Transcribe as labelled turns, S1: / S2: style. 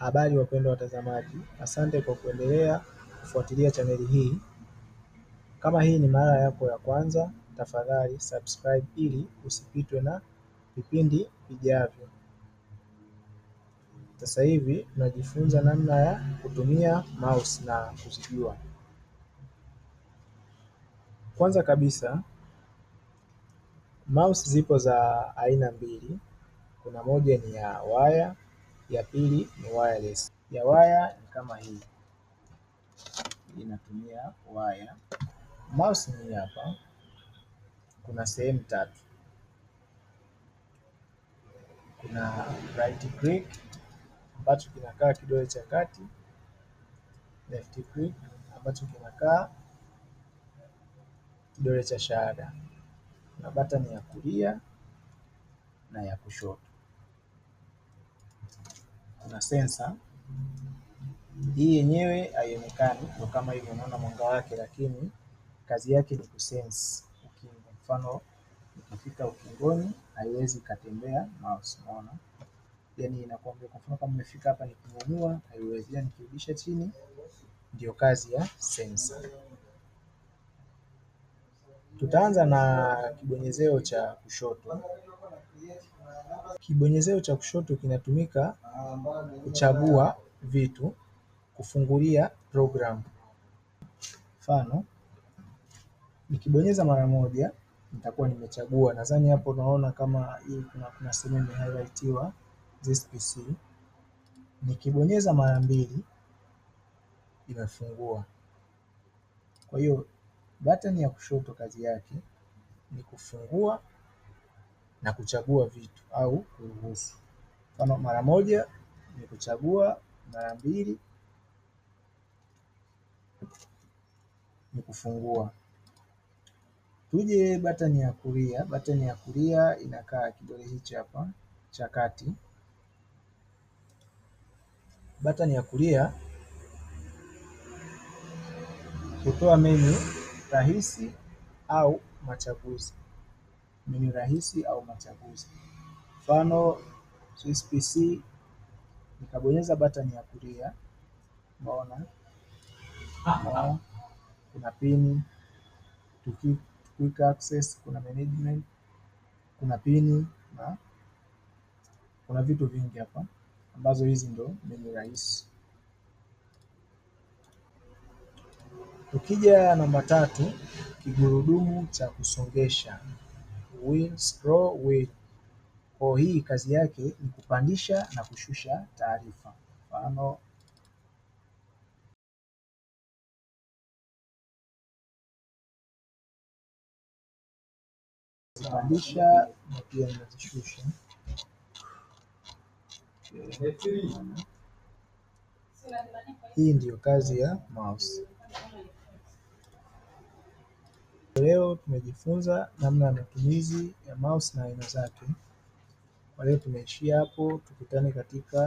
S1: Habari wapendwa watazamaji, asante kwa kuendelea kufuatilia chaneli hii. Kama hii ni mara yako ya kwanza, tafadhali subscribe ili usipitwe na vipindi vijavyo. Sasa hivi tunajifunza namna ya kutumia mouse na kuzijua. Kwanza kabisa mouse zipo za aina mbili, kuna moja ni ya waya ya pili ni wireless. Ya waya ni kama hii, inatumia waya. Mouse ni hapa, kuna sehemu tatu, kuna right click ambacho kinakaa kidole cha kati, left click ambacho kinakaa kidole cha shahada, na button ya kulia na ya kushoto kuna sensa hii yenyewe haionekani kwa kama hivyo, unaona mwanga wake, lakini kazi yake ni kusense ukingo. Mfano, ukifika ukingoni haiwezi ikatembea mouse, unaona yani inakuambia. Kwa mfano kama imefika hapa, nikinyanyua haiwezi, yani nikirudisha chini, ndio kazi ya sensa. Tutaanza na kibonyezeo cha kushoto. Kibonyezeo cha kushoto kinatumika kuchagua vitu, kufungulia programu. Mfano, nikibonyeza mara moja nitakuwa nimechagua. Nadhani hapo unaona kama hii kuna sehemu ime this PC. Nikibonyeza mara mbili imefungua. Kwa hiyo, button ya kushoto kazi yake ni kufungua na kuchagua vitu au kuruhusu. Mfano, mara moja ni kuchagua, mara mbili ni kufungua. Tuje batani ya kulia. Batani ya kulia inakaa kidole hichi hapa cha kati. Batani ya kulia hutoa menu rahisi au machaguzi menu rahisi au machaguzi. Mfano Swiss PC nikabonyeza button ya kulia, unaona kuna pini, quick access, kuna management, kuna pini na kuna vitu vingi hapa ambazo hizi ndo menu rahisi. Tukija namba tatu, kigurudumu cha kusongesha scroll Wade. Kwa hii kazi yake ni kupandisha na kushusha taarifa. Mfano zipandisha na pia nazishusha. Hii ndiyo kazi ya mouse. leo tumejifunza namna ya matumizi ya mouse na aina zake. Kwa leo tumeishia hapo tukutane katika